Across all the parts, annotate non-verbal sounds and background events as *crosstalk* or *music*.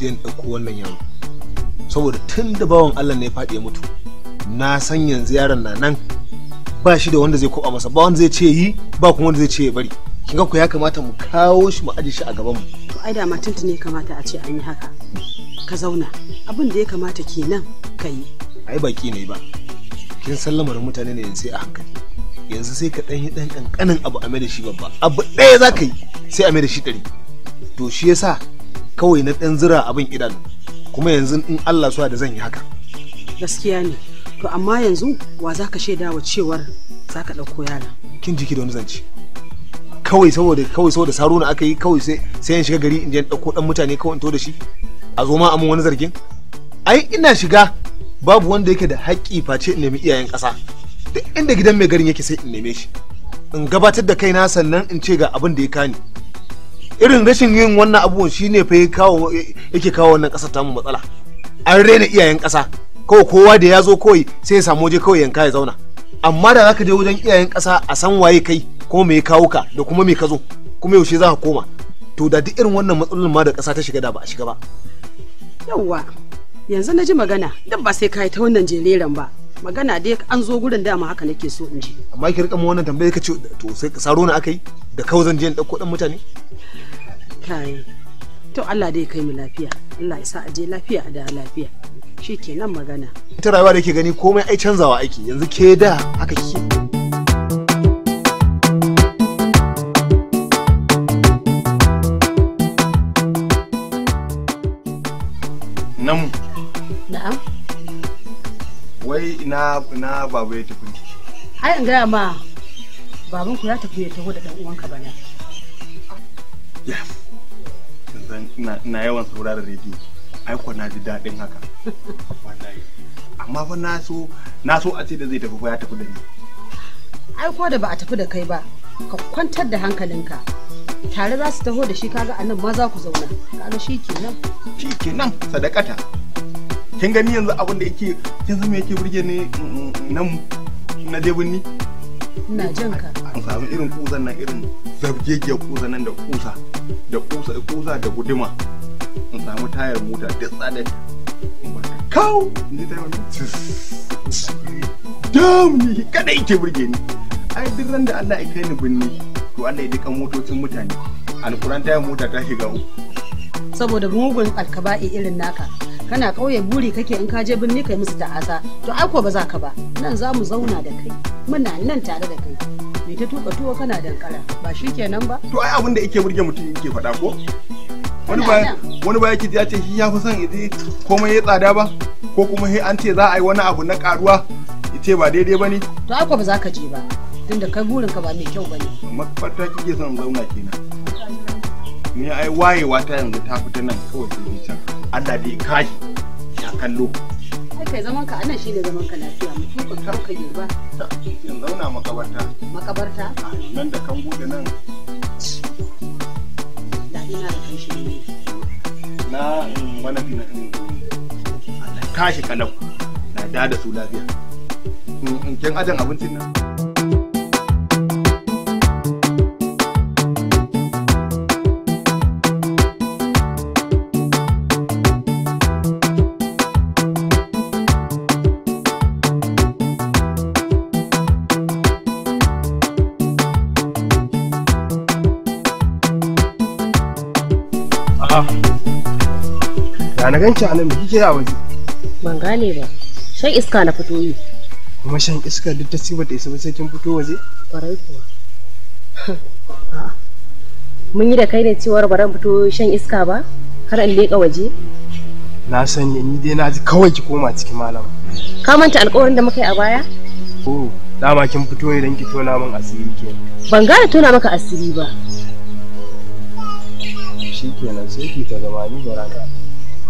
je ɗauko wannan yaro saboda tun da bawan Allah ne ya faɗi ya mutu na san yanzu yaron na nan ba shi da wanda zai koba masa ba wanda zai ce yi ba kuma wanda zai ce ya bari kin ga ku ya kamata mu kawo shi mu aje shi a gaban mu to ai da matan ne kamata a ce an yi haka ka zauna abin da ya kamata kenan ka yi ai baki ne ba kin san lamarin mutane ne sai a hankali yanzu sai ka ɗan yi ɗan ƙanƙanin abu a mai da shi babba abu ɗaya za ka yi sai a mai da shi ɗari to shi yasa kawai na ɗan zira abin idan kuma yanzu in Allah suwa da zan yi haka gaskiya ne to amma yanzu wa zaka shaida wa cewar za ka ɗauko yara kin jiki da wani zance kawai saboda kawai saboda na aka yi kawai sai sai in shiga gari in je ɗauko ɗan mutane kawai in to da shi a zo ma amin wani zargin ai ina shiga babu wanda yake da haƙƙi face in nemi iyayen ƙasa duk inda gidan mai garin yake sai in neme shi in gabatar da kaina sannan in ce ga abin da ya kani irin rashin yin wannan abubuwan shine fa kawo yake kawo wannan ƙasar tamu matsala an rena iyayen ƙasa kawai kowa da ya zo kawai sai ya samu waje kawai yanka ya zauna amma da zaka je wajen iyayen ƙasa a san waye kai ko me ya kawo ka da kuma me ka zo kuma yaushe za ka koma to da duk irin wannan matsalolin ma da ƙasa ta shiga da ba a shiga ba yawwa yanzu na ji magana duk ba sai ka yi ta wannan jereren ba magana dai an zo gurin dama haka nake so in ji amma ki rika mu wannan tambaye ka ce to sai saro na akai da kawo zan je in dauko dan mutane kai to Allah dai kai mu lafiya Allah ya sa a je lafiya a da lafiya shi kenan magana ita rayuwa da ke gani komai ai canzawa ake yanzu ke da haka ke. namu na'am wai ina na babu ya tafi ai in gaya ma babanku ya tafi ya taho da dan uwanka bana yes zan ina yawan sauraron rediyo aiko na ji daɗin haka *laughs* amma fa na so a ce da zai tafi fa ya tafi da ni aiko da ba a tafi da kai ba ka kwantar da hankalinka tare za su taho da shi kaga anan ma za ku zauna kaga shi kenan shi kenan sadakata kin gani yanzu abin da yake kin san me yake burge ni mm, mm, nan na je binni ina jin ka in samu irin kuzan nan irin zabgegiyar kuzan nan da kusa da kusa kusa da guduma in samu tayar mota da tsadat kau ba ni ta wani dam ni kada yake burge ni ai duk ran da Allah ya kai ni binni. to Allah ya duka motocin mutane alquran tayar mota ta shiga saboda mugun alkaba'i irin naka kana kauye buri kake in ka je birni kai musu ta'asa to ai ko ba za ka ba nan za mu zauna da kai muna nan tare da kai ita ta tuka tuwa kana dankara ba shi kenan ba to ai abin da yake burge mutum yake faɗa ko wani ba wani ba yake ya ce shi ya fi son idi komai ya tsada ba ko kuma he an ce za a yi wani abu na karuwa ce ba daidai ba ne to akwa ba za ka je ba tunda kai burin ka ba mai kyau ba ne fata kike son zauna kenan ni ai wayewa ta yanzu ta fita nan kawai sai can Allah dai kai ya kallo kai zaman ka anan shine zaman ka lafiya mu tuka kan ka girba in zauna makabarta makabarta nan da kan bude nan da ina da kan shi ne na mana bi na kan tashi kalau na da da su lafiya in kin ajan abincin nan na ganci a nan me kike a waje ban gane ba shan iska na fito yi kuma shan iska duk ta siba da isa ba sai kin fito waje kwarai kuwa *laughs* mun yi da kai ne cewar baran fito shan iska ba har in leƙa waje na ne, ni dai na ji kawai ki koma cikin malam ka manta alƙawarin da muka yi a baya oh dama kin fito ne don ki tona min asiri ke ban gane tona maka asiri ba shikenan sai ki ta zama ni baraka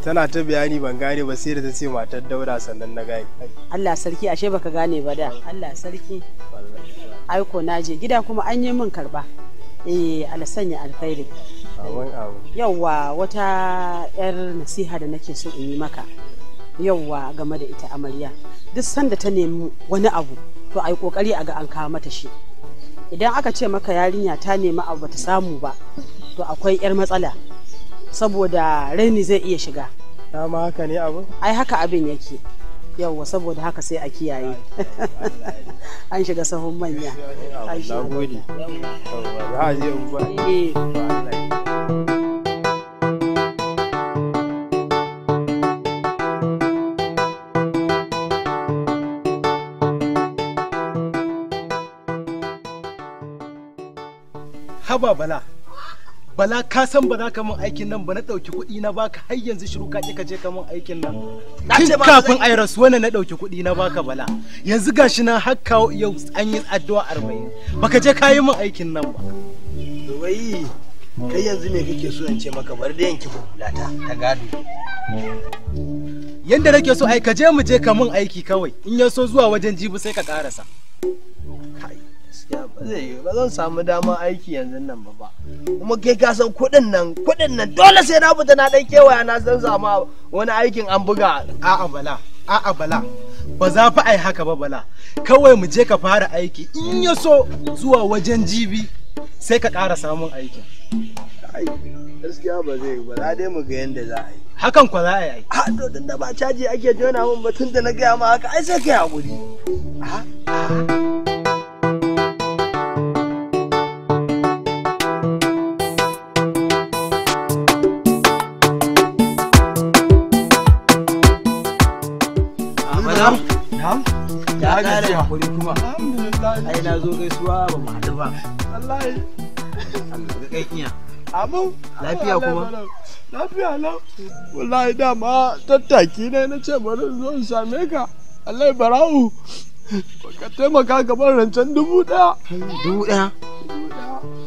tana ta bayani ban gane ba sai da ta ce matar daura sannan na gane Allah sarki ashe baka gane ba da Allah sarki aiko na je gida kuma an yi min karba eh alasanya alkhairi yawwa wata yar nasiha da nake so in yi maka yawwa game da ita amarya duk sanda ta nemi wani abu to ai kokari a ga an kawo mata shi idan aka ce maka yarinya ta nemi abu bata samu ba to akwai yar matsala saboda raini zai iya shiga dama haka ne abin ai haka abin yake yawwa saboda haka sai a kiyaye *laughs* an shiga sahun manya haba bala bala ka san ba za ka min aikin nan ba na ɗauki kuɗi na baka har yanzu shiru ka ka je ka min aikin nan tun kafin a rasu wani na ɗauki kuɗi na baka bala yanzu gashi na har kawo yau an yi addu'a arba'in baka je ka yi min aikin nan ba wai kai yanzu me kake so in ce maka bari da yanki bulata ta gado yanda nake so ai ka je mu je ka min aiki kawai in ya so zuwa wajen jibi sai ka karasa kai gaskiya ba zai yi ba zan samu dama aiki yanzu nan ba ba kuma kai ka san kuɗin nan kuɗin nan dole sai na fita na ɗan kewaya na san samu wani aikin an buga a'a bala a'a bala ba za fa ai haka ba bala kawai mu je ka fara aiki in ya so zuwa wajen jibi sai ka ƙara samun aikin gaskiya ba zai ba za dai mu ga yadda za a yi hakan kwa za a yi a to tun da ba caji ake jona mun ba tun da na gaya ma haka ai sai kai haƙuri ya zo gaisuwa ba mu haɗu ba wallahi kai kiya. amin lafiya kuma lafiya lau wallahi dama tattaki ne na ce bari zo in same ka Allah barau. ka taimaka bar rancen dubu ɗaya dubu ɗaya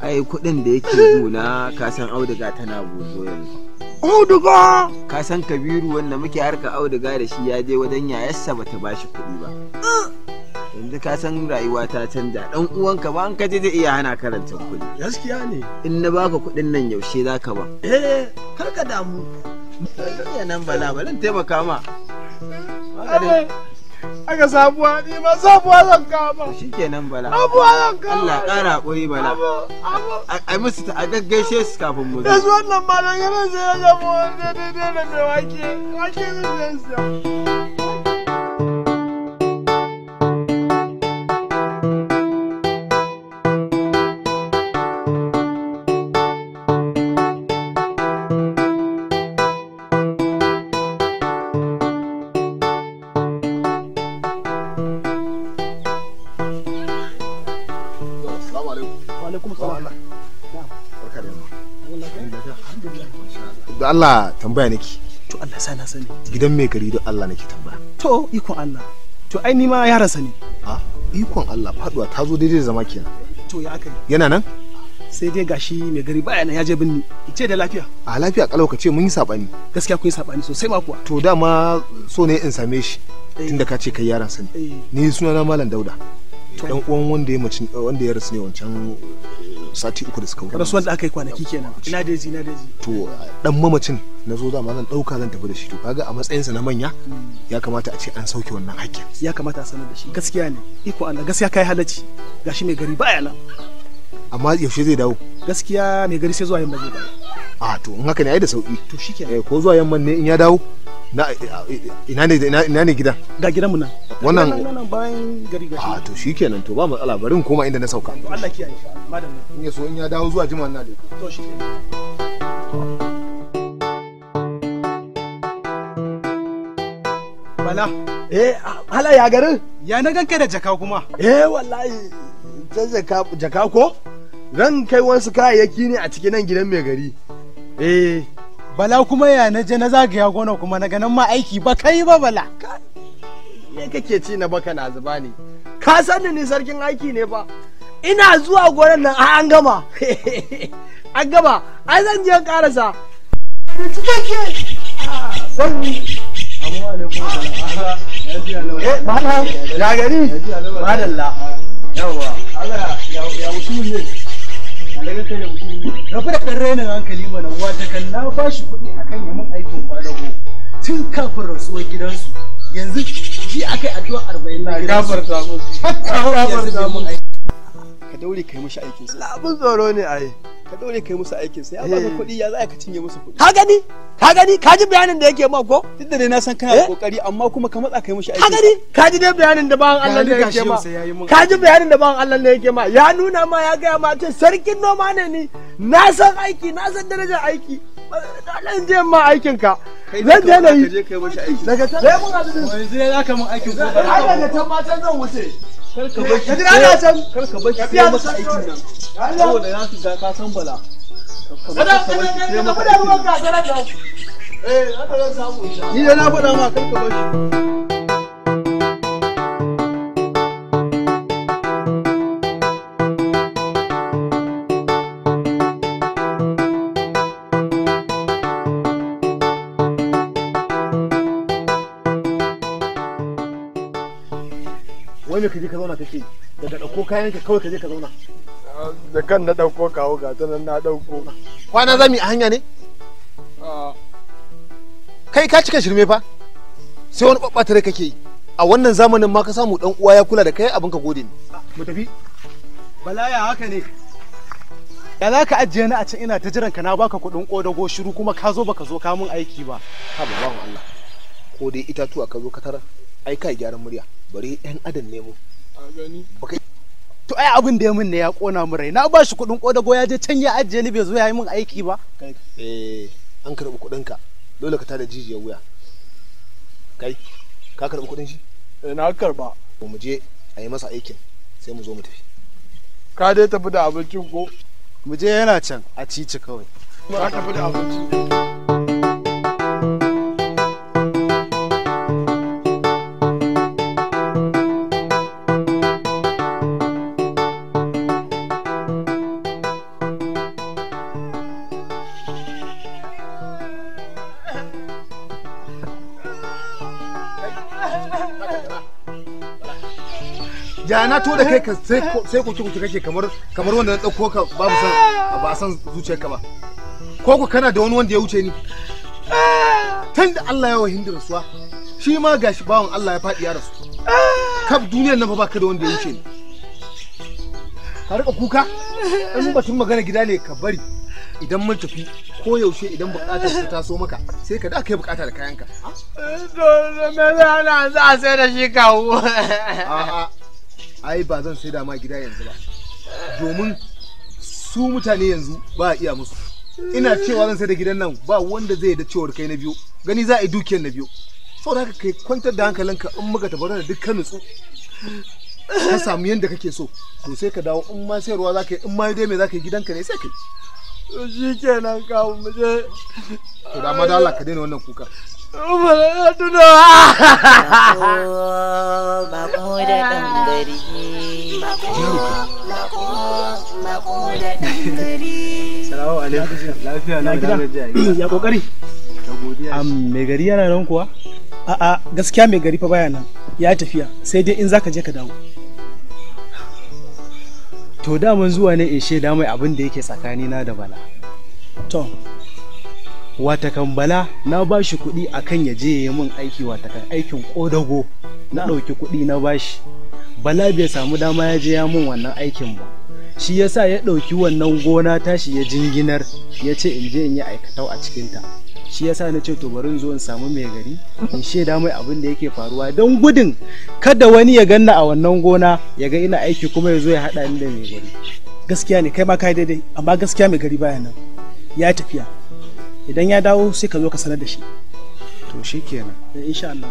ai kuɗin da yake guna ka san auduga tana bozo yanzu auduga ka san kabiru wanda muke harka auduga da shi ya je wajen yayarsa bata bashi kuɗi ba ah! yanzu ka san rayuwa ta canja dan uwanka ba an kaje zai iya hana karantan kuɗi gaskiya ne in na baka kuɗin nan yaushe za ka ba eh kar ka damu ya nan bala balin taimaka ma aka sabuwa ni ma sabuwa zan kama shi nan bala abuwa zan kama Allah ƙara haƙuri bala a musu ta a gaggaishe su kafin mu zai wannan malam yana sai ya zama wanda daidai da mai wake wake zai siya Allah tambaya nake to Allah sa na sani gidan mai gari don Allah nake tambaya to ikon Allah to ai ni ma yaran sani a ikon Allah faduwa ta zo daidai zama kenan to ya aka yana nan sai dai gashi mai gari baya nan ya je binni ice da lafiya a lafiya kalau ka ce mun yi sabani gaskiya kun yi sabani sosai ma kuwa to dama so ne in same shi eh. tunda ka ce kai yaran sani eh. ni sunana malam dauda dan uwan wanda ya mace wanda ya rasu ne wancan sati uku da suka wuce rasuwan da aka yi kwanaki kenan ina da ji ina da ji to dan mamacin na zo dama zan dauka zan tafi da shi to kaga a matsayinsa na manya ya kamata a ce an sauke wannan hakkin ya kamata a sanar da shi gaskiya ne iko Allah gaskiya kai halacci gashi mai gari baya nan amma yaushe zai dawo gaskiya mai gari sai zuwa yamma zai dawo a to in haka ne ai da sauki to shikenan eh, ko zuwa yamma ne in ya dawo na ina ne ina ne gidan ga gidan mu nan wannan wannan bayan gari gashi ah to shikenan to ba matsala bari mu koma inda na sauka to Allah kiyaye madam in ya so in ya dawo zuwa jima'an nan to shikenan bala eh ala ya garin ya na ganka da jaka kuma eh wallahi ta jaka jaka ko ran kai wasu kayayyaki ne a cikin nan gidan mai gari eh bala kuma ya na je na zagaya gona kuma na ganin ma aiki ba kai ba bala ne kake ci na baka na zuba ne ka sani ni sarkin aiki ne ba ina zuwa gonan nan a an gama an gama ai zan je karasa ya gari madalla ya ne daga da ɗan rainin hankali mana wata kan na ba shi kuɗi akan ya mun aikin kwadago tun kafin rasuwar gidansu yanzu ji akai addu'a arba'in na gidansu gafarta musu gafarta musu ka daure kai musu aikin su labun tsoro ne ai ka daure kai musu aikin su ya ba eh. kuɗi ya za ka cinye musu kuɗi ka gani ka gani ka ji bayanin da yake ma ko duk da dai na san kana kokari eh? amma kuma ka matsa kai musu aikin ka gani ka ji dai bayanin da bawan Allah ne yake ma ka ji bayanin da bawan Allah ne yake ma ya nuna ma ya ga ma ce sarkin noma ne ni na san aiki na san darajar aiki zan je ma aikin ka zan je na yi daga can zai mun hadu yanzu ne zaka mun aikin ko ai daga can ma can zan wuce kar ka bar shi ana can kar ka bar shi sai masa aikin nan saboda ya ka san bala kada bar ka kada da eh haka zan samu ni da na faɗa ma kar ka bar shi me ka je ka zauna kake daga dauko kayan ka kawai ka je ka zauna da kan na dauko kawo ga ta nan na dauko kwana zami a hanya ne kai ka cika shirme fa sai wani babbata kake yi a wannan zamanin ma ka samu dan uwa ya kula da kai abin ka gode ne mu tafi balaya haka ne ya za ka ajiye ni a can ina ta jiran ka na baka kuɗin ƙodago shiru kuma ka zo baka zo ka mun aiki ba ha ba Allah ko dai itatuwa ka zo ka tarar ai kai gyaran murya bari ɗan adam ne mu to ai abin da ya min ne ya kona mu rai na ba shi kuɗin kodago ya je can ya ajiye ni bai zo ya yi min aiki ba eh an karɓi kuɗin ka dole ka tada jijiyar wuya kai ka karɓi kuɗin shi eh, na karɓa mu je a yi masa aikin sai mu zo mu tafi ka dai tafi da abincin ko mu je yana can a cici kawai ba tafi da abincin. da na to da kai ka sai eh? kuki kuki kake kamar kamar wanda na dauko ka babu san eh? ba san zuciyarka ba ko ku kana da wani wanda ya wuce ni eh? tun da Allah ya wahin da rasuwa shi ma gashi bawan Allah ya faɗi ya rasu kaf duniyar nan fa baka da wanda ya wuce ni ka rika kuka in batun magana gida ne ka bari idan mun tafi ko yaushe idan bukatar ta taso maka sai ka da kai bukata da kayanka. To me za a sai da shi kawo. ai ba zan sai da ma gida yanzu ba domin su mutane yanzu ba iya musu ina cewa zan sai da gidan nan ba wanda zai da cewar kai na biyu gani za a yi dukiyar na biyu saboda haka kai kwantar da hankalinka in muka tabbata da dukkan nutsu ka samu yadda kake so to sai ka dawo in ma sayarwa za ka yi in ma dai me za ka yi gidanka ne sai ka yi shi kenan kawo mu je to da ma da ka daina wannan kuka Bako da ɗan gari. Bako da ɗan gari. Salamu alaikum. Lafiya na gida. Ya Mai gari yana nan kuwa? A'a gaskiya mai gari fa baya nan. Ya tafiya sai dai in zaka je ka dawo. To daman zuwa ne in shaida mai abin da yake tsakanina da bala. To, watakan bala na bashi shi kuɗi akan ya je ya min aiki watakan aikin ƙodago na ɗauki kuɗi na bashi bala bai samu dama ya je ya min wannan aikin ba shi yasa ya ɗauki wannan gona tashi ya jinginar ya ce in je in yi aikatau a cikinta shi yasa na ce to bari in zo in samu mai gari in shaida mai abin da yake faruwa don gudun kada wani ya ganna a wannan gona ya ga ina aiki kuma ya zo ya haɗa ni da mai gari gaskiya ne kai ma kai daidai amma gaskiya mai gari baya nan ya tafiya idan ya dawo sai ka zo ka sanar da shi to shikenan eh, insha Allah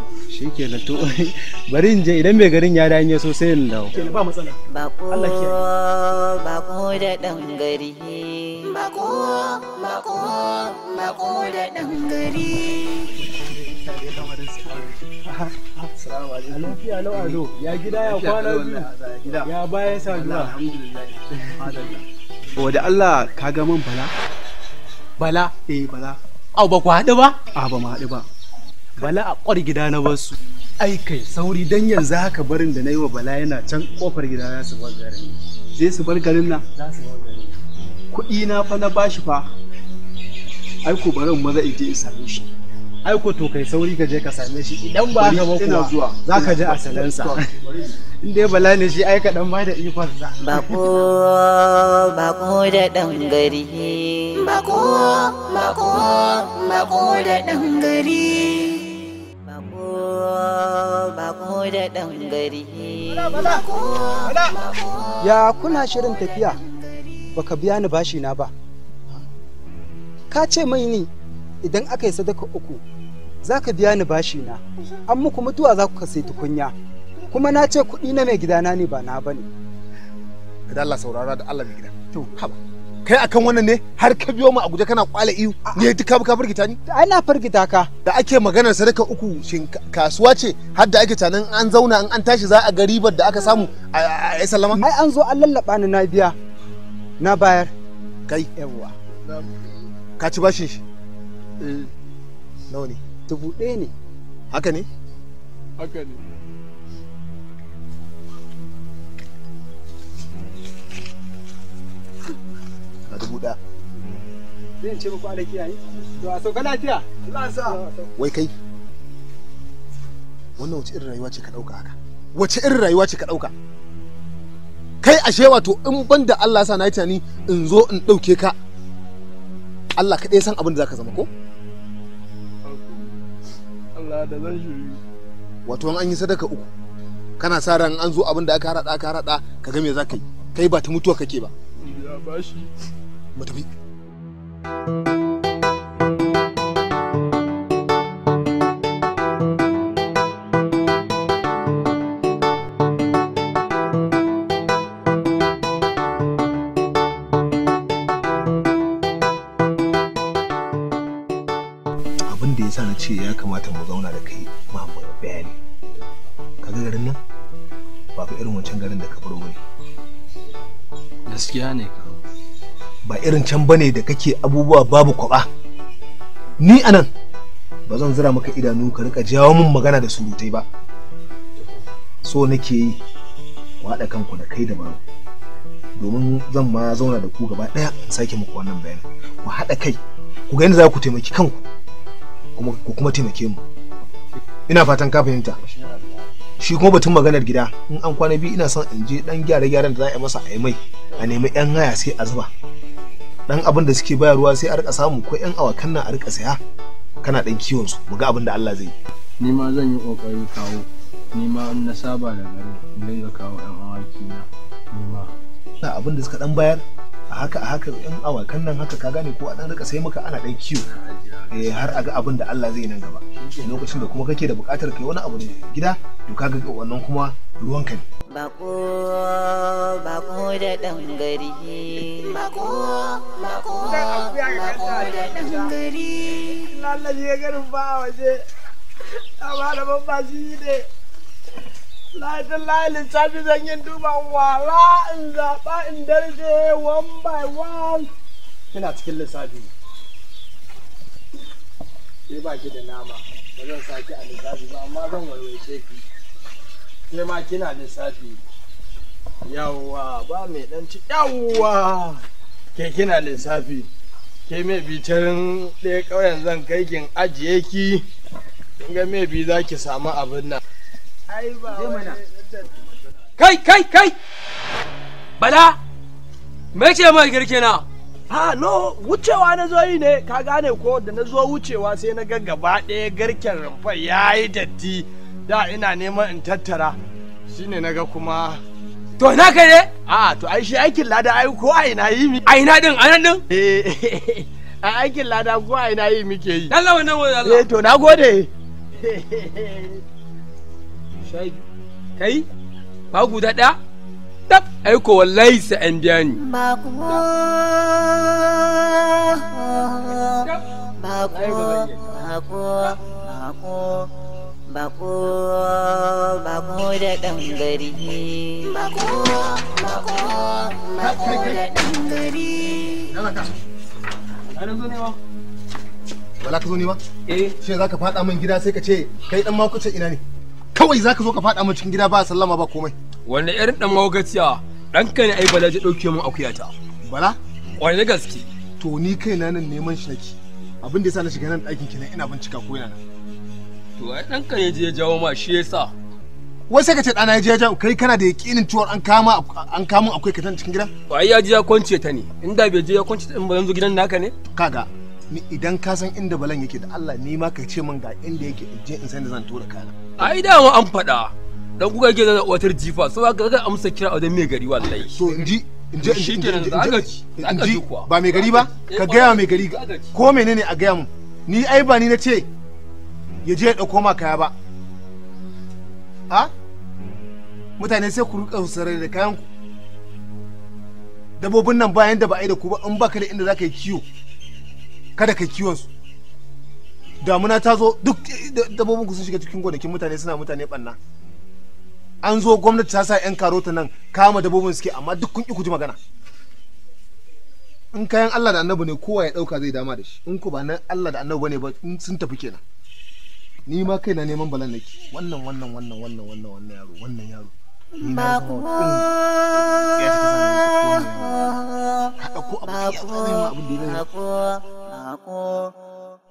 kenan to *laughs* bari in je idan mai garin ya danye so sai in dawo ba matsala ba ko da dan gari ko ba ko da dan gari ya gida ya kwana ya bayan sa Wa *laughs* da Allah ka ga man bala? bala eh bala au ba ku haɗu ba a ba mu haɗu ba bala a ƙwar gida na basu ai kai sauri dan yanzu haka barin da na yi wa bala yana can ƙofar gida ya su bar garin zai su bar garin nan za su bar garin kuɗi na fa na bashi fa ai ko barin maza in je in same shi ai ko to kai sauri ka je ka same shi idan ba haka ba kuwa za ka je a salansa dai bala ne shi aika kaɗan ba da ikon sa. ba ko da ɗan gari. ko ba ko da ɗan gari. ba ko da ɗan gari. Ya kuna shirin tafiya baka biya ni bashi na ba. Ka ce mai ni idan aka yi sadaka uku za ka biya ni bashi na, an muku mutuwa za ku kasai tukunya. kuma na ce kuɗi na mai gidana ne ba na bane da Allah saurara da Allah mai gida to haba kai akan wannan ne har ka biyo mu a guje kana kwala iyo ne duk ka ka furgita ni ai na furgita ka da ake maganar sadaka uku shin kasuwa ce har da ake tanan an zauna an an tashi za a ga ribar da aka samu a ai sallama mai an zo an lallaba ni na biya na bayar kai yawa ka ci bashin shi eh. nawa ne dubu ɗaya ne haka ne haka ne zai ce muku ala kiyaye to a sauka lafiya Allah sa wai kai wannan wace irin rayuwa ce ka dauka haka wace irin rayuwa ce ka dauka kai ashe wato in ban da Allah sa na yi tani in zo in dauke ka Allah kaɗai san abin da zaka zama ko Allah da zan shiri wato an yi sadaka uku kana sa ran an zo abin da aka harada aka harada ka ga me zaka yi kai ba ta mutuwa kake ba ya bashi mu tafi can bane da kake abubuwa babu kwaba ni anan ba zan zira maka idanu ka rika jawo min magana da surutai ba so nake yi haɗa kanku da kai da baro domin zan ma zauna da ku gaba ɗaya in sake muku wannan bayanin ku haɗa kai ku ga yadda za ku taimaki kanku kuma ku kuma taimake mu ina fatan ka fahimta shi kuma batun maganar gida in an kwana biyu ina son in je ɗan gyare gyaren da za a yi masa a yi mai a nemi yan haya sai a zuba dan abin da suke bayarwa sai a rika samu ko yan awakan nan a rika saya kana dan kiwon su mu ga abin da Allah zai yi ni ma zan yi kokari kawo ni ma in na saba da garin dinga kawo yan awaki na ni ma abin da suka dan bayar a haka haka in awakan nan haka ka gane ko a dan rika sai maka ana dan kiwo eh har a ga abin da Allah zai nan gaba lokacin da kuma kake da bukatar kai wani abu gida to kaga wannan kuma ruwan ka ne bako bako da dangari bako bako da dangari garin ba waje amma da babba shi ne na zan wala in in one by one kina cikin lissafi ke ba ki da nama ba zan saki a lissafi ba amma zan warwace ki ke ma kina lissafi yawwa ba mai dan ci yawwa ke kina lissafi ke mai bitarin ɗaya ƙauyen zan kai kin ajiye ki kin ga mai bi za ki samu abin nan kai kai kai bala me ce mai girke na ha no wucewa na zo yi ne ka gane ko da na zo wucewa sai na ga gaba ɗaya garken rumfar ya yi datti da ina neman in tattara shine na ga kuma to na kai ne a to ai shi aikin lada ai ko a ina yi mi a ina din a nan din eh, *laughs* a aikin lada ko a ina yi ke yi Allah wannan wannan eh to na gode *laughs* shayi kai ba guda ɗaya tab aiko wallahi sa an biya ni bako bako bako da ɗan gari bako bako bako da ɗan gari wala ka zo ne ba? eh Shin za ka faɗa min gida sai ka ce kai ɗan makucin ina ne kawai za ka zo ka faɗa mu cikin gida ba sallama ba komai Wanne irin dan mawagaciya ɗanka ne ai bala ji ɗauke mun akuyata bala ne gaske to ni kai na nan neman shi abin da yasa na shiga nan ɗakin kenan ina bincika ko ina nan to ai ɗanka ne je jawo ma shi yasa wai sai ka ce ɗana ya je ya jawo kai kana da yaƙinin cewar an kama an kama akwai katan cikin gida to ai ya je ya kwance ta ne inda bai je ya kwance ta in ba zan zo gidan naka ne kaga ni idan ka san inda balan yake da Allah ni ma ka ce min ga inda yake in je in san da zan tura kana ai da mu an faɗa dan kuka yake da watar jifa so ka ga amsa kira a wajen mai gari wallahi to in ji in je in ji ba mai gari ba ka gaya mai gari ko menene a gaya mun ni ai ba ni na ce ya je ya dauko ma kaya ba ha mutane sai ku rika sarar da kayan ku dabobin nan bayan da ba ai da ku ba in baka da inda zaka yi kiwo kada kai kiwon su damuna ta zo duk dabbobin ku sun shiga cikin gonakin mutane suna mutane banna an zo gwamnati ta sa yan karota nan kama dabbobin suke amma duk kun ki ku ji magana in kayan Allah da annabi ne kowa ya dauka zai dama da shi in ku ba nan Allah da annabi ne ba sun tafi kenan ni ma kaina neman balan nake wannan wannan wannan wannan wannan wannan yaro wannan yaro bako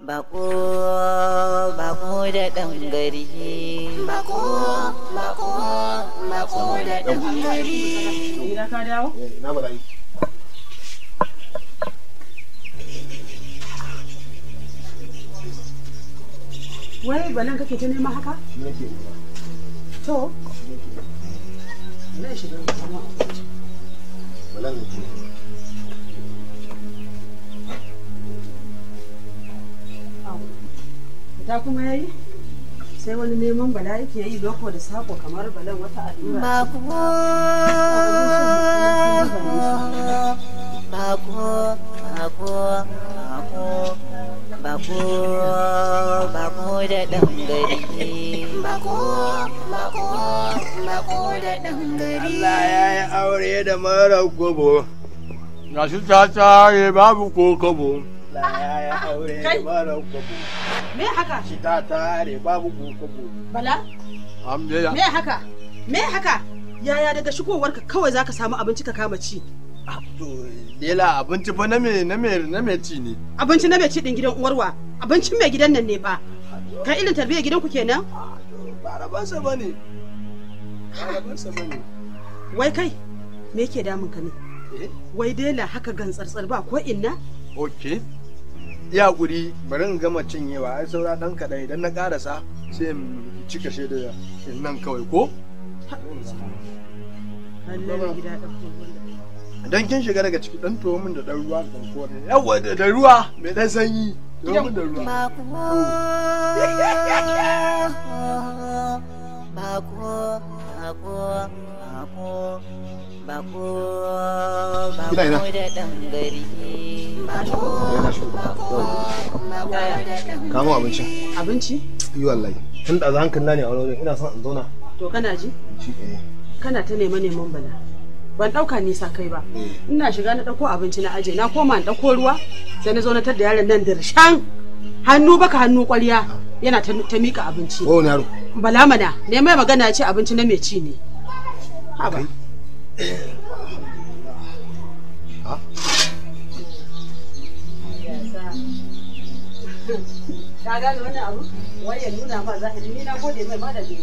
bako da dan gari bako bako bako da dan gari ina ka dawo eh, ina ba wai balan kake ta nema haka to na ta kuma yayi sai wani neman bala yake yi loko da sako kamar balan wata allura bako bako da dan gari bako bako da dan gari Allah ya yi babu ko kobo Allah ya yi aure da me haka shi ta tare babu ko kobo bala amdela me haka me haka yaya daga shigowarka kawai zaka samu abinci ka kama ci Ah, Lela abinci fa na me na me na me ci ne. Abinci na me ci din gidan uwarwa. Abincin mai gidan nan ne fa. Kai ilin tarbiyyar gidan ku kenan? Ah, ba rabansa bane. Ba rabansa bane. Wai kai me yake damun ka ne? Eh? Wai dela haka gan tsartsar ba ko inna? Okay. Ya guri bari in gama cinyewa ai saura dan kaɗan idan na karasa sai in cika shi da nan kawai ko? Allah ya gida kowanne. Mm. idan kin shiga daga ciki dan tuwo min da dan ruwa da dan kore yawa da da ruwa mai dan sanyi tuwo min da ruwa bako bako bako bako bako da dan gari kamo abinci abinci yi wallahi tun da hankali na ne a wani ina son in zauna to kana ji kana ta neman neman bala ban dauka nisa kai ba ina shiga na dauko abinci na aje na koma na dauko ruwa sai na zo na tada yaron nan dirshan hannu baka hannu kwarya yana ta mika abinci oh naro bala mana ne mai magana ya ce abinci na mai ci ne haba ka gane wannan abu wai ya nuna ma zahiri ni na gode mai ma da bai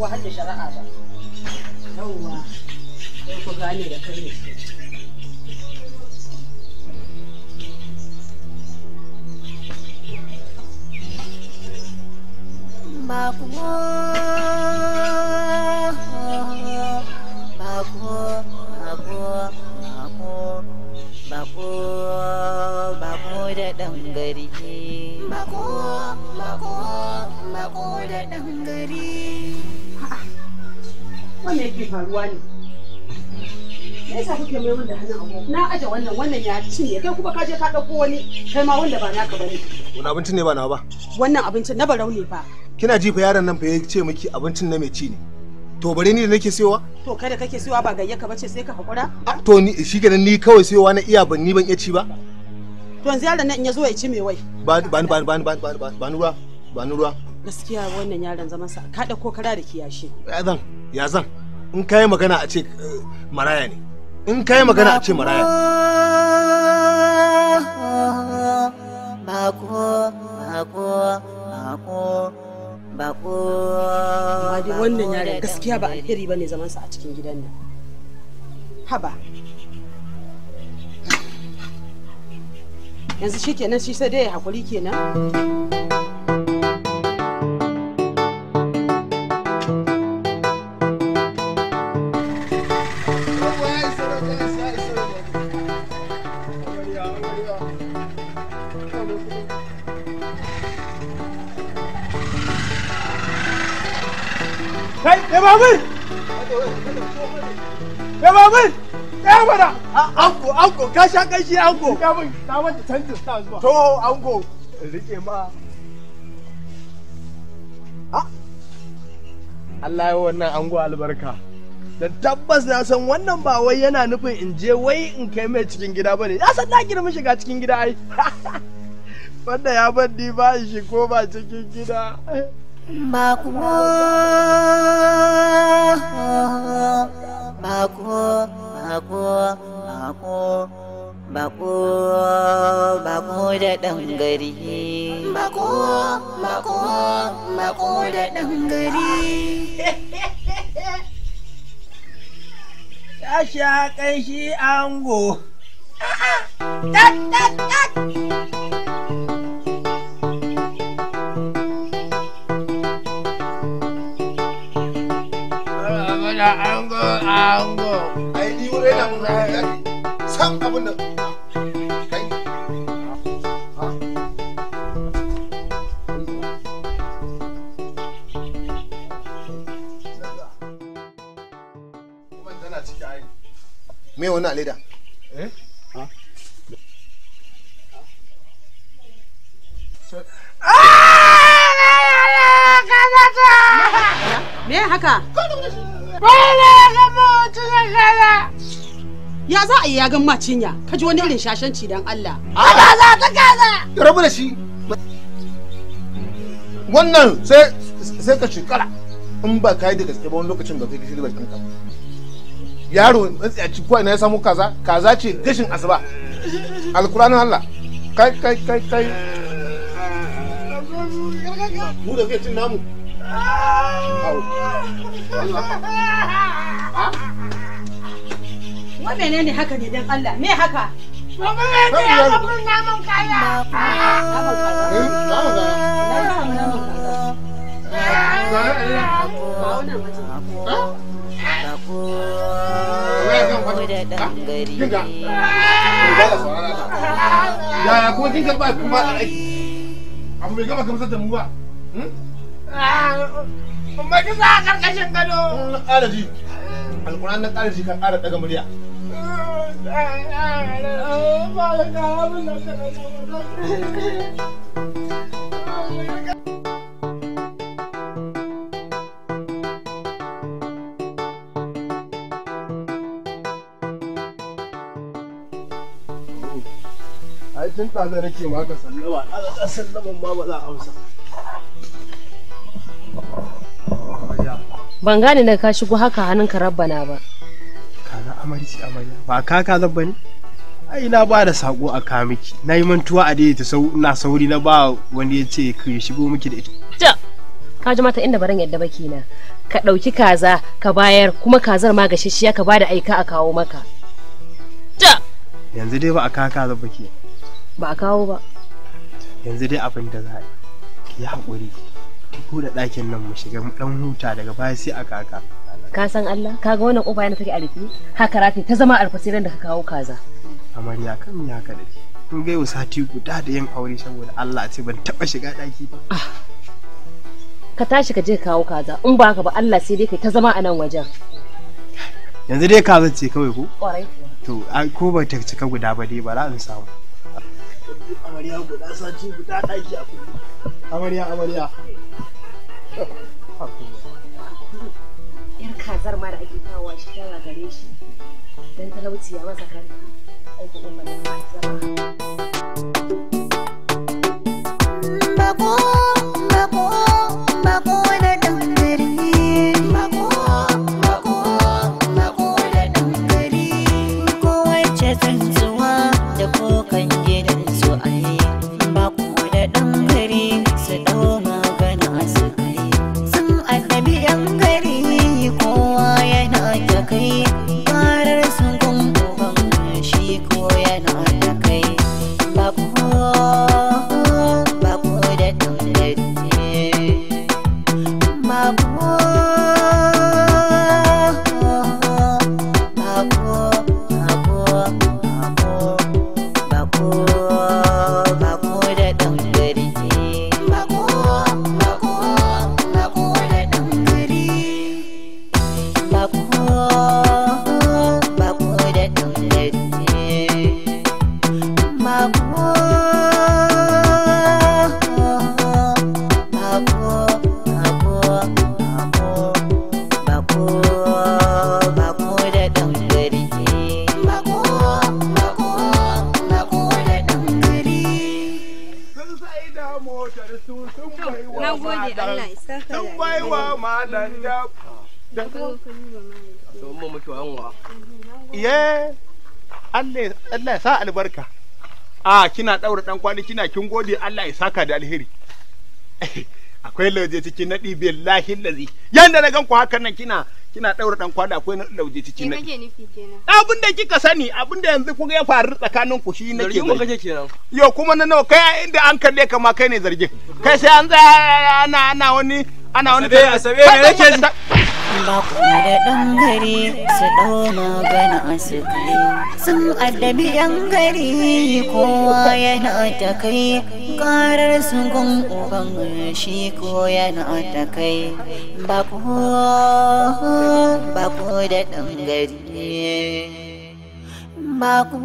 wahal da shari'a ba yawwa gane da kai ne ba kuma da ɗan gari bako bako da ɗan faruwa ne Me yasa kake mai wanda hana abu? Na aje wannan wannan ya cinye kai kuma ka je ka dauko wani kai ma wanda ba naka bane. Wani abincin ne ba na ba? Wannan abincin na barau ne fa. Kina jifa yaron nan fa ya ce miki abincin na mai ci ne. To bare ni da nake siyowa? To kai da kake siyowa ba gayyaka bace sai ka hakura? Ah, to ni shi ni kawai siyowa na iya ban ni ban iya ci ba. To yanzu yaron nan in ya zo ya ci mai wai? Ba ba ba ba ba ba ba ruwa ba ni ruwa. Gaskiya wannan yaron zama sa ka dauko kara da kiyashi. Ya zan ya zan in kai magana a ce eh, maraya ne. in kai magana a ce maraya bako bako bako bako dai wannan yaren gaskiya ba alheri ba zaman sa a cikin gidan nan haba yanzu shikenan shi sai dai hakuri kenan Me babur! Ɗaya mana! anko ango, ka sha ƙanshi ango! Ka min, na manta canjin sa zuwa. To, ango, riƙe ma. Allah ya wannan ango albarka. Da tabbas na san wannan ba wai yana nufin in je wai in kai mai cikin gida bane. na san na girma shiga cikin gida ai. Wanda *laughs* ya bar ni ba shi ko ba cikin gida. Bako, bako, da ɗan gari. Bako, bako, bako da ɗan gari. Ta sha ƙanshi ango. A'a, tat, tat, mana ango ango ai ni na yaki san da Me wannan a leda? ya *laughs* gama Ya za a yi ya gan ma cinya, ka ji wani irin shashanci dan Allah. A ba za ta kaza. Ya rabu da shi. Wannan sai sai ka shekara in ba ka yi da gaske ba wani lokacin ba kai gishiri ba kanka. Yaro matsiyaci ko ina ya samu kaza, kaza ce gashin asuba. Alkuranin Allah. Kai kai kai kai. Mu da kai cin namu. Wa menene haka ne dan Allah? Me haka? ya kuma kin karɓa kuma abu bai gama gamsar da mu ba? Hmm? Mai kisa a karkashin gado. Na ƙara ji. Alƙur'an na ƙara ji ka ƙara ɗaga murya. Ai tun tsaza nake maka sallama, ana ma ba za a amsa. ban gane na ka shigo haka hannun ka rabbana ba kaza amarci amarya ba ka kaza bane ai na ba da sako a ka miki na yi mantuwa a daidaita sau na sauri na ba wanda ya ce ka shigo miki da ita ta ka ji mata inda baran yadda baki na ka ɗauki kaza ka bayar kuma kazar ma gashashiya ka bada aika a kawo maka ta yanzu dai ba a ka kaza baki ba a kawo ba yanzu dai abin da za a yi ki haƙuri buɗe ɗakin nan mu shiga mu ɗan huta daga baya sai a kaka. Ka san Allah ka ga wannan ƙofa yana take a rufe haka rafi ta zama alfasirin, da ka kawo kaza. Amarya kan ya ka da ke. Kun gaiwa sati guda da yin aure saboda Allah ce ban taɓa shiga ɗaki ba. Ah. Ka tashi ka je ka kawo kaza in ba haka ba Allah sai dai kai ta zama a nan wajen. Yanzu dai kaza ce kawai ko? Ƙwarai. To ko ba ta cika guda ba dai ba za in samu. Amarya guda sati guda ɗaki a kullum. Amarya amarya. kazar ma da ake kawowa shi tara gare shi don talauci ya masa kanta aikin ɗan bane ma zama. Bako, bako, bako. dan Allah ya sa albarka a kina daura kina kin gode Allah ya saka da alheri *laughs* akwai lauje cikin nadi billahi lazi yanda na gan ku hakan nan kina kina akwai lauje abin da kika sani abin da yanzu ya faru tsakanin ku shi yo kuma na nawa kai inda an kalle ka kai ne zargin kai sai an tsaya ana ana wani ana wani asabe asabe ne nake bako da ɗan gari su ɗau magana su kai sun addabi yan gari kowa yana ta kai karar sun gun uban shi ko yana ta kai bako da ɗan gari Bako,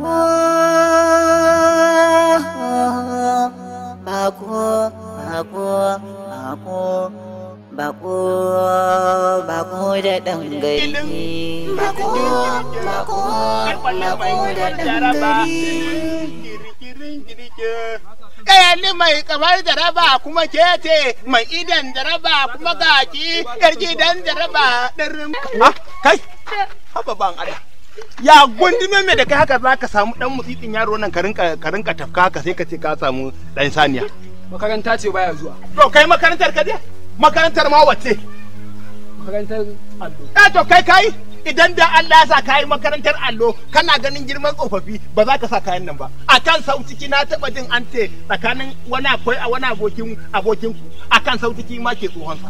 bako, bako, bako. bako bako da dan gari bako bako bako da dan gari kayali eh, mai kamar daraba kuma kete mai idan daraba kuma gaki yar gidan darin ha ah, kai ha baban ada ya gundume me da kai haka za ka samu dan musitin yaro nan ka rinka tafka ka sai ka ce ka samu dan saniya makaranta ce baya zuwa to kai makarantar ka je makarantar ma wace makarantar allo eh to kai kai idan da Allah ya sa kai makarantar allo kana ganin girman tsofaffi ba za ka sa kayan nan ba a kan sautiki na taba jin ante tsakanin wani akwai a wani abokin abokin ku a kan sautiki ma ke tsohon sa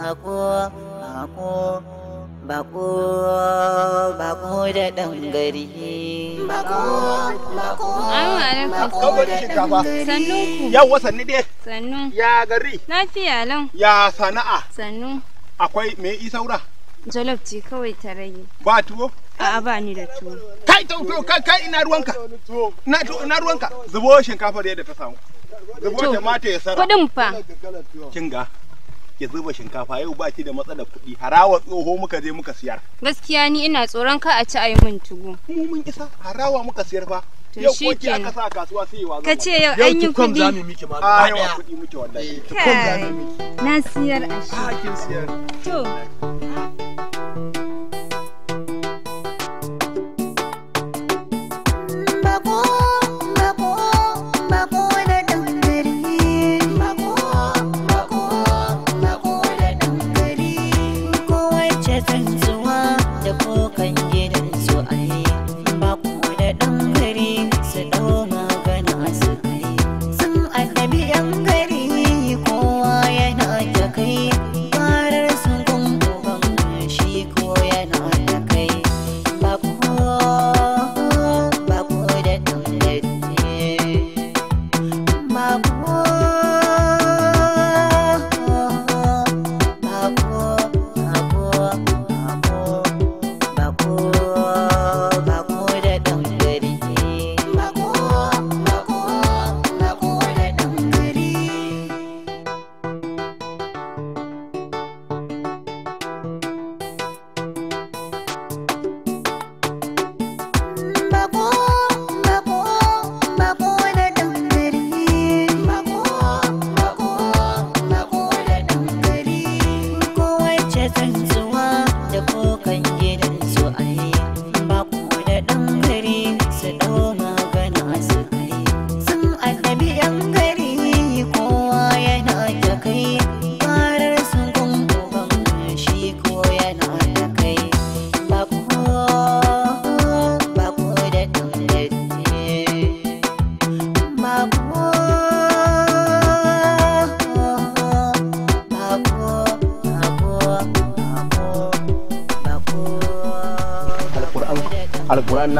hako hako bako bako da ɗan gari bako bako bako da ɗan gari sannu ku. yawwa sannu dai sannu ya gari Na lafiya lau ya sana'a sannu akwai me saura? jolof ce kawai ta rage ba tuwo A'a ba ni da tuwo. Kai to to kai kai ina ruwanka. Na to ina ruwanka. Zubo shinkafar yadda ta samu. Zubo ta ya sara. Kudin fa. Kinga. ke zuba shinkafa yau ba ki da matsalar kuɗi harawa tsoho muka je muka siyar gaskiya ni ina tsoron ka a ci ayi min tugu mu mun isa harawa muka siyar fa yau ko ki aka sa kasuwa sai wa ka ce yau an yi kuɗi yau zamu miki ma ba yau kuɗi muke wallahi tukum zamu miki na siyar a shi ha ah, kin siyar to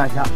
看一下。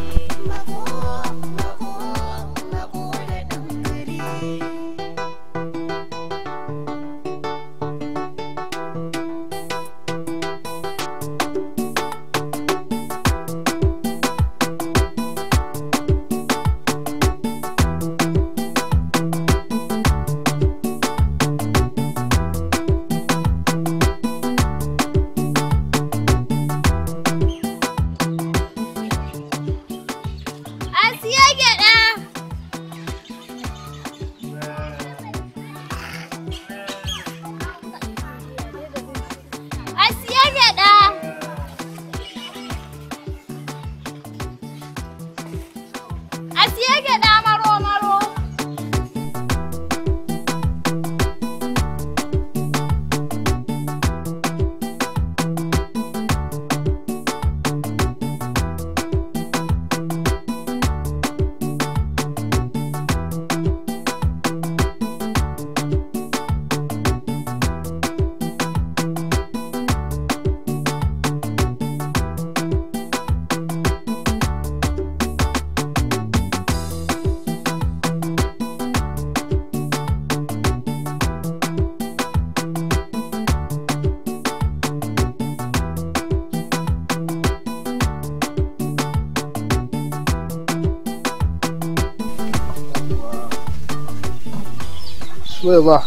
wai ba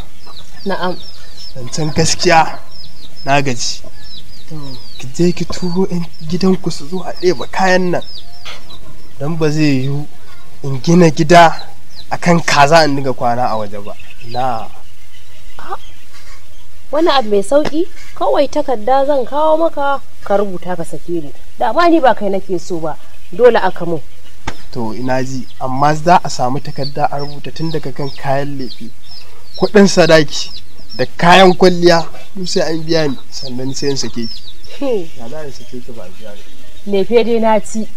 na'am zancen gaskiya na gaji ki je ki turo yan gidanku su zo a ɗeba kayan nan don ba zai yiwu in gina gida akan kaza in dinga kwana a waje ba na wani abu mai sauki kawai takarda zan kawo maka ka rubuta ka sake ni da ma ni ba kai nake so ba dole aka mun to ina ji amma za a samu takarda a rubuta tun daga kan kayan lefe kuɗin sadaki da kayan kwalliya duk sai an biya ni sannan sai in sake ki ya da in sake ki ba biya ni lefe dai na ci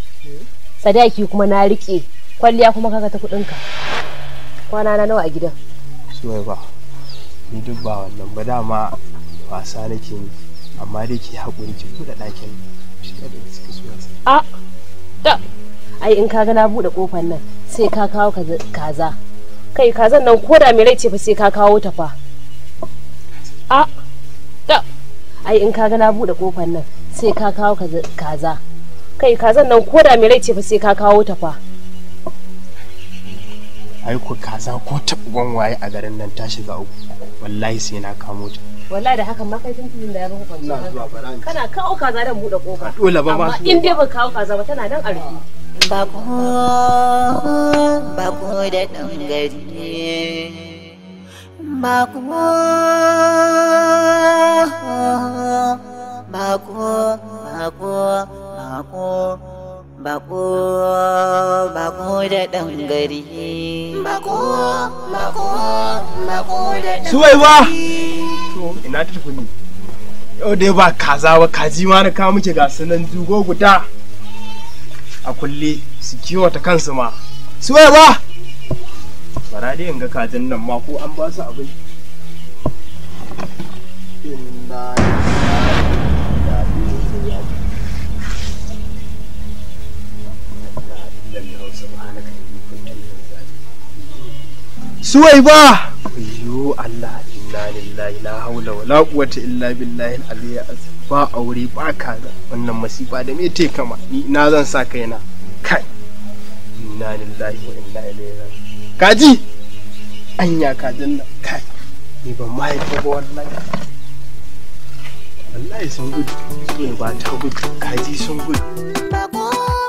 sadaki kuma na rike kwalliya kuma kaga ta kuɗin ka kwana na nawa a gidan suwai ba ni duk ba wannan ba dama wasa nake yi amma dai ki haƙuri ki buɗe ɗakin shi da suka so a da ai in kaga na buɗe ƙofar nan sai ka kawo kaza kai kazan nan ko da mai rai ce fa sai ka kawo ta fa a da ai in ka ga na bude kofar nan sai ka kawo kaza kai kazan nan ko da mai rai ce fa sai ka kawo ta fa ai ku kaza ko uban waye a garin nan ta shiga uku wallahi sai na kamo ta wallahi da hakan ma kai tun tun da ya baka kwanciya kana kawo kaza dan bude kofa dole ba ma in dai ba kawo kaza ba tana dan a rufe bako bako da bako bako bako bako bako da bako bako bako da suwaiwa ina ta tafi ne yau dai ba kaza ba kaji ma na kawo muke ga sunan guda a kulle su kiwata kansu ma su ba bara dai in ga kajin nan ma ko an ba su abin suwai ba ayyo Allah inna lillahi la haula wala quwwata illa billahi al-aliyyil ba aure ba kaza wannan masifa da me te kama ni na zan sa kaina kai inna lillahi wa inna ilaihi raji'un kaji anya kajin nan kai ni ban ma haifa ba wannan wallahi sun gudu sun ba ta gudu kaji sun gudu